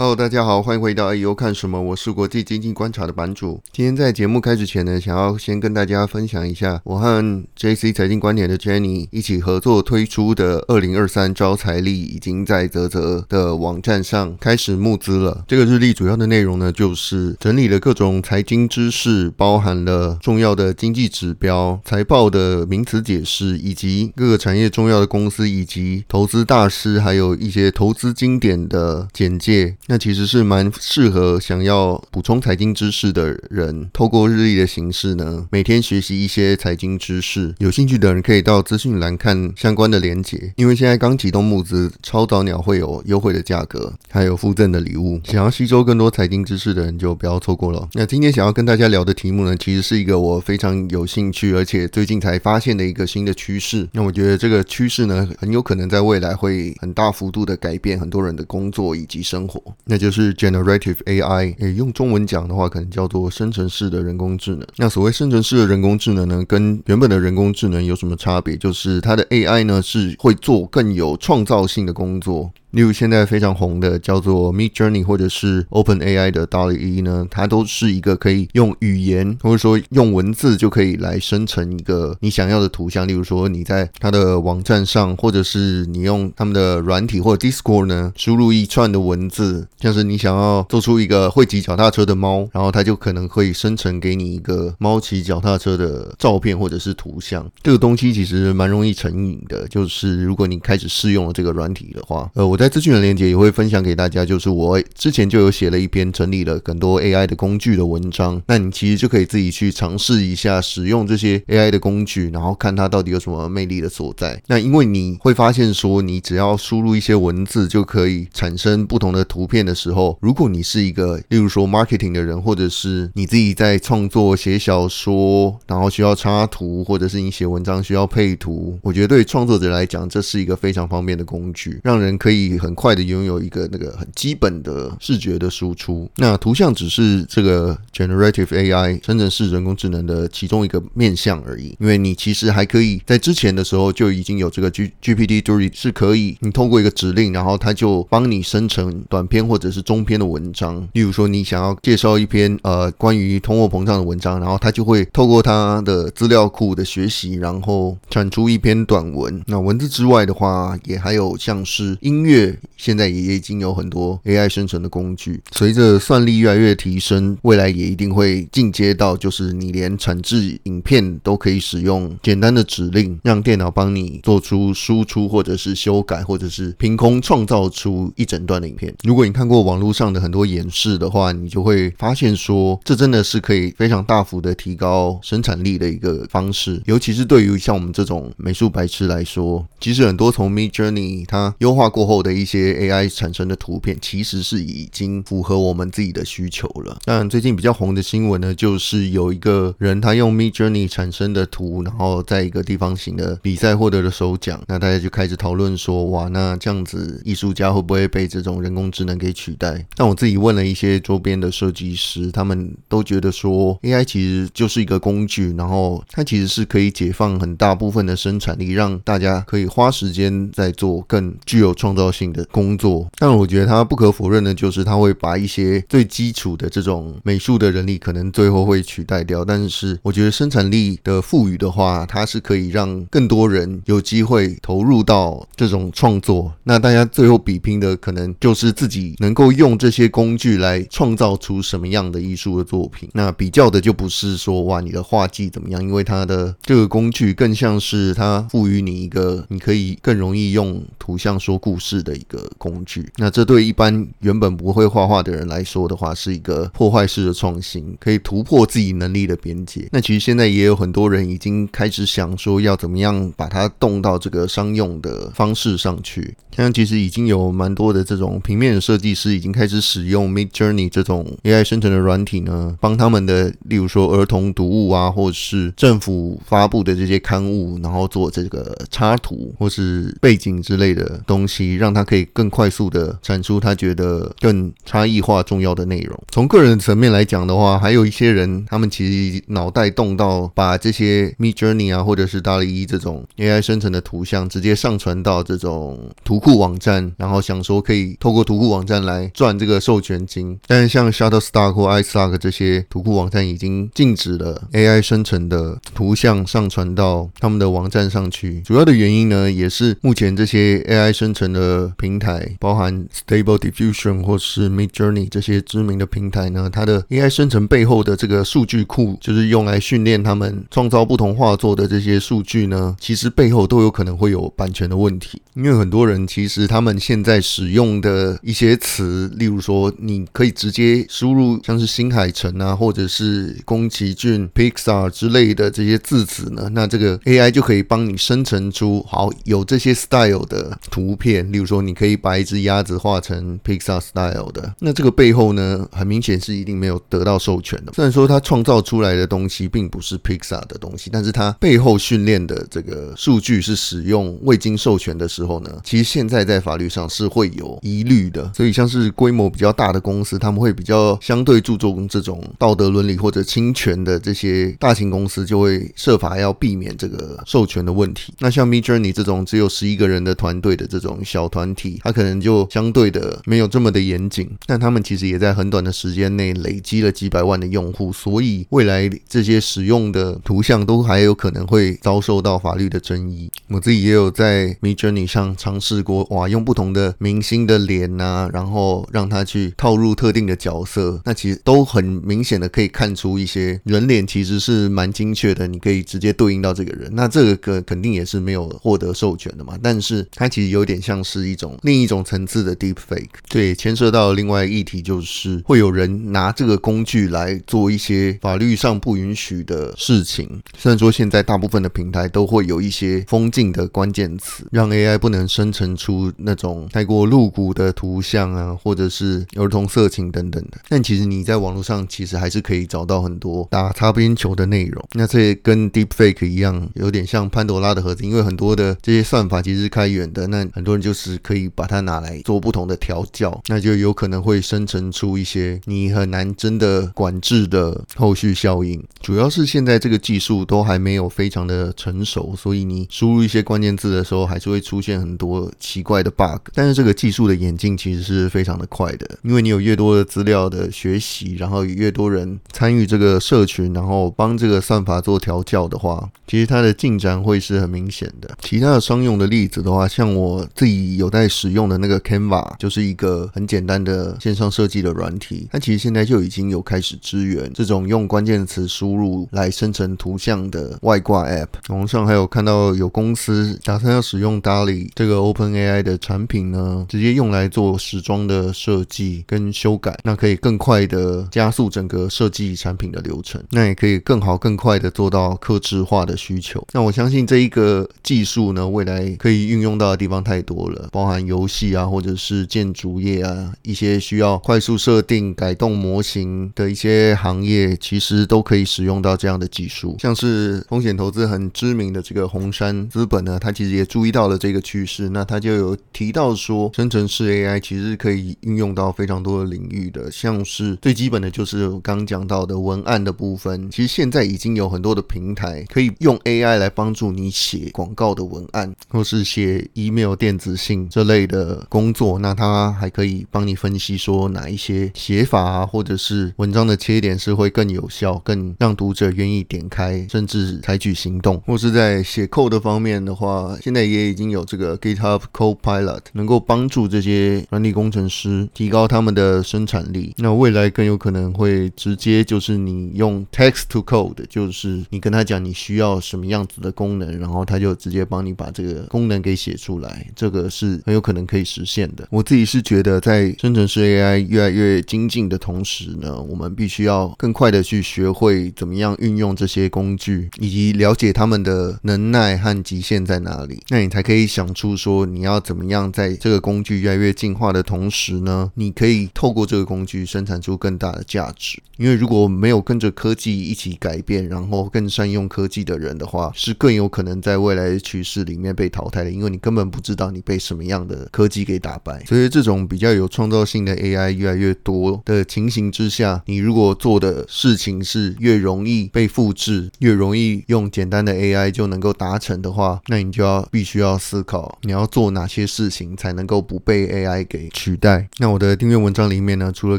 Hello，大家好，歡迎回到 AU 看什麼，我是國際經濟觀察的版主。今天在節目開始前呢，想要先跟大家分享一下，我和 JC 財經觀點的 Jenny 一起合作推出的2023招財曆已經在澤澤的網站上開始募資了。這個日曆主要的內容呢，就是整理了各種財經知識，包含了重要的經濟指標、財報的名詞解釋，以及各個產業重要的公司以及投資大師，還有一些投資經典的簡介。那其實是蠻適合想要補充財經知識的人，透過日曆的形式呢，每天學習一些財經知識。有興趣的人可以到資訊欄看相關的連結。因為現在剛啟動募資，超早鳥會有優惠的價格，還有附贈的禮物。想要吸收更多財經知識的人就不要錯過了。那今天想要跟大家聊的題目呢，其實是一個我非常有興趣，而且最近才發現的一個新的趨勢。那我覺得這個趨勢呢，很有可能在未來會很大幅度的改變很多人的工作以及生活。那就是 generative AI，誒，用中文講的話，可能叫做生成式的人工智能。那所謂生成式的人工智能呢，跟原本的人工智能有什麼差別？就是它的 AI 呢，是會做更有創造性的工作。例如現在非常紅的叫做 Midjourney，或者是 OpenAI 的 DALL-E 呢，它都是一個可以用語言或者說用文字就可以來生成一個你想要的圖像。例如說你在它的網站上，或者是你用他們的軟體或者 Discord 呢，輸入一串的文字，像是你想要做出一個會騎腳踏車的貓，然後它就可能會生成給你一個貓騎腳踏車的照片或者是圖像。這個東西其實蠻容易成癮的，就是如果你開始試用了這個軟體的話，呃，我。在資訊的鏈接也會分享給大家，就是我之前就有寫了一篇整理了很多 AI 的工具的文章。那你其實就可以自己去嘗試一下使用這些 AI 的工具，然後看它到底有什麼魅力的所在。那因為你會發現說，你只要輸入一些文字就可以產生不同的圖片的時候，如果你是一個例如說 marketing 的人，或者是你自己在創作寫小說，然後需要插圖，或者是你寫文章需要配圖，我覺得對創作者來講，這是一個非常方便的工具，讓人可以。你很快的擁有一個那個很基本的視覺的輸出。那圖像只是這個 generative AI 生成式人工智能的其中一個面向而已。因為你其實還可以在之前的時候就已經有這個 G GPT Three 是可以，你透過一個指令，然後它就幫你生成短篇或者是中篇的文章。例如說，你想要介紹一篇呃關於通貨膨脹的文章，然後它就會透過它的資料庫的學習，然後產出一篇短文。那文字之外的話，也還有像是音樂。現在也已經有很多 AI 生成的工具，隨着算力越來越提升，未來也一定會進階到，就是你連產制影片都可以使用簡單的指令，讓電腦幫你做出輸出，或者是修改，或者是憑空創造出一整段的影片。如果你看過網絡上的很多演示的話，你就會發現說，這真的是可以非常大幅的提高生產力的一個方式，尤其是對於像我們這種美術白痴來說，其實很多從 Midjourney 它優化過後的。的一些 AI 產生的圖片其實是已經符合我們自己的需求了。但最近比較紅的新聞呢，就是有一個人他用 Midjourney 產生的圖，然後在一個地方型的比賽獲得了首獎。那大家就開始討論說，哇，那這樣子藝術家會不會被這種人工智能給取代？但我自己問了一些周邊的設計師，他們都覺得說 AI 其實就是一個工具，然後它其實是可以解放很大部分的生產力，讓大家可以花時間在做更具有創造性。的工作，但我覺得他不可否認的，就是他會把一些最基礎的這種美術的人力，可能最後會取代掉。但是，我覺得生產力的賦予的話，它是可以讓更多人有機會投入到這種創作。那大家最後比拼的，可能就是自己能夠用這些工具來創造出什麼樣的藝術的作品。那比較的就不是說，哇，你的畫技怎麼樣？因為它的這個工具更像是它賦予你一個，你可以更容易用圖像說故事。的一個工具，那這對一般原本不會畫畫的人來說的話，是一個破壞式的創新，可以突破自己能力的邊界。那其實現在也有很多人已經開始想說，要怎麼樣把它動到這個商用的方式上去。像其實已經有蠻多的這種平面的設計師已經開始使用 Midjourney 這種 AI 生成的軟體呢，幫他們的，例如說兒童讀物啊，或是政府發布的這些刊物，然後做這個插圖或是背景之類的東西，讓他可以更快速的產出他覺得更差異化重要的內容。從個人層面來講的話，還有一些人，他們其實腦袋動到把這些 Midjourney 啊，或者是 DALL-E 這種 AI 生成的圖像直接上傳到這種圖庫。庫網站，然後想說可以透過圖庫網站來賺這個授權金，但是像 Shutterstock 或 iStock 這些圖庫網站已經禁止了 AI 生成的圖像上傳到他們的網站上去。主要的原因呢，也是目前這些 AI 生成的平台，包含 Stable Diffusion 或是 Midjourney 這些知名的平台呢，它的 AI 生成背後的這個數據庫，就是用來訓練他們創造不同畫作的這些數據呢，其實背後都有可能會有版權的問題，因為很多人。其實他們現在使用的一些詞，例如說，你可以直接輸入像是新海誠啊，或者是宮崎駿、Pixar 之類的這些字詞呢，那這個 AI 就可以幫你生成出好有這些 style 的圖片。例如說，你可以把一隻鴨子畫成 Pixar style 的，那這個背後呢，很明顯是一定沒有得到授權的。雖然說它創造出來的東西並不是 Pixar 的東西，但是它背後訓練的這個數據是使用未經授權的時候呢，其實現在。現在在法律上是會有疑慮的，所以像是規模比較大的公司，他們會比較相對注重這種道德倫理或者侵權的這些大型公司，就會設法要避免這個授權的問題。那像 Midjourney 這種只有十一個人的團隊的這種小團體，它可能就相對的沒有這麼的嚴謹，但他們其實也在很短的時間內累積了幾百萬的用戶，所以未來這些使用的圖像都還有可能會遭受到法律的爭議。我自己也有在 Midjourney 上嘗試過。說哇，用不同的明星的臉吶、啊，然後讓他去套入特定的角色，那其實都很明顯的可以看出一些人臉其實是蠻精確的，你可以直接對應到這個人。那這個肯定也是沒有獲得授權的嘛。但是它其實有點像是一種另一種層次的 deepfake。對，牽涉到另外一個議題，就是會有人拿這個工具來做一些法律上不允許的事情。雖然說現在大部分的平台都會有一些封禁的關鍵詞，讓 AI 不能生成。出那種太過露骨的圖像啊，或者是兒童色情等等的。但其實你在網絡上其實還是可以找到很多打擦邊球的內容。那這跟 Deepfake 一樣，有點像潘多拉的盒子，因為很多的這些算法其實是開源的，那很多人就是可以把它拿來做不同的調教，那就有可能會生成出一些你很難真的管制的後續效應。主要是現在這個技術都還沒有非常的成熟，所以你輸入一些關鍵字的時候，還是會出現很多。奇怪的 bug，但是這個技術的演進其實是非常的快的，因為你有越多的資料的學習，然後也越多人參與這個社群，然後幫這個算法做調教的話，其實它的進展會是很明顯的。其他的商用的例子的話，像我自己有在使用的那個 Canva，就是一個很簡單的線上設計的軟體，它其實現在就已經有開始支援這種用關鍵詞輸入來生成圖像的外掛 app。網上還有看到有公司打算要使用 DALL-E 這個 OpenAI。AI 的產品呢，直接用來做時裝的設計跟修改，那可以更快的加速整個設計產品的流程，那也可以更好更快的做到客制化的需求。那我相信這一個技術呢，未來可以運用到的地方太多了，包含遊戲啊，或者是建築業啊，一些需要快速設定改動模型的一些行業，其實都可以使用到這樣的技術。像是風險投資很知名的這個紅杉資本呢，他其實也注意到了這個趨勢，那他就。就有提到說，生成式 AI 其實可以運用到非常多的領域的，像是最基本的就是我剛剛講到的文案的部分。其實現在已經有很多的平台可以用 AI 來幫助你寫廣告的文案，或是寫 email 電子信這類的工作。那它還可以幫你分析說哪一些寫法啊，或者是文章的切點是會更有效，更讓讀者願意點開，甚至採取行動。或是在寫 code 的方面的話，現在也已經有這個 GitHub，Copilot 能夠幫助這些軟體工程師提高他們的生產力。那未來更有可能會直接就是你用 text to code，就是你跟他講你需要什麼樣子的功能，然後他就直接幫你把這個功能給寫出來。這個是很有可能可以實現的。我自己是覺得，在生成式 AI 越來越精進的同時呢，我們必須要更快的去學會怎麼樣運用這些工具，以及了解他們的能耐和極限在哪裡。那你才可以想出說你要。要怎麼樣在這個工具越來越進化的同時呢，你可以透過這個工具生產出更大的價值。因為如果沒有跟着科技一起改變，然後更善用科技的人的話，是更有可能在未來的趨勢裡面被淘汰的。因為你根本不知道你被什麼樣的科技給打敗。所以，這種比較有創造性的 AI 越來越多的情形之下，你如果做的事情是越容易被複製，越容易用簡單的 AI 就能夠達成的話，那你就要必須要思考你要做哪些事情才能夠不被 AI 給取代？那我的訂閱文章裡面呢，除了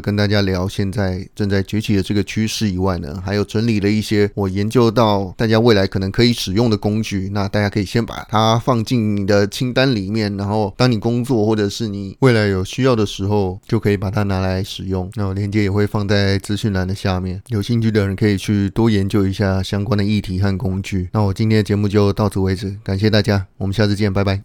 跟大家聊現在正在崛起的這個趨勢以外呢，還有整理了一些我研究到大家未來可能可以使用的工具。那大家可以先把它放進你的清單裡面，然後當你工作或者是你未來有需要的時候，就可以把它拿來使用。那我鏈接也會放在資訊欄的下面，有興趣的人可以去多研究一下相關的議題和工具。那我今天的節目就到此為止，感謝大家，我們下次見，拜拜。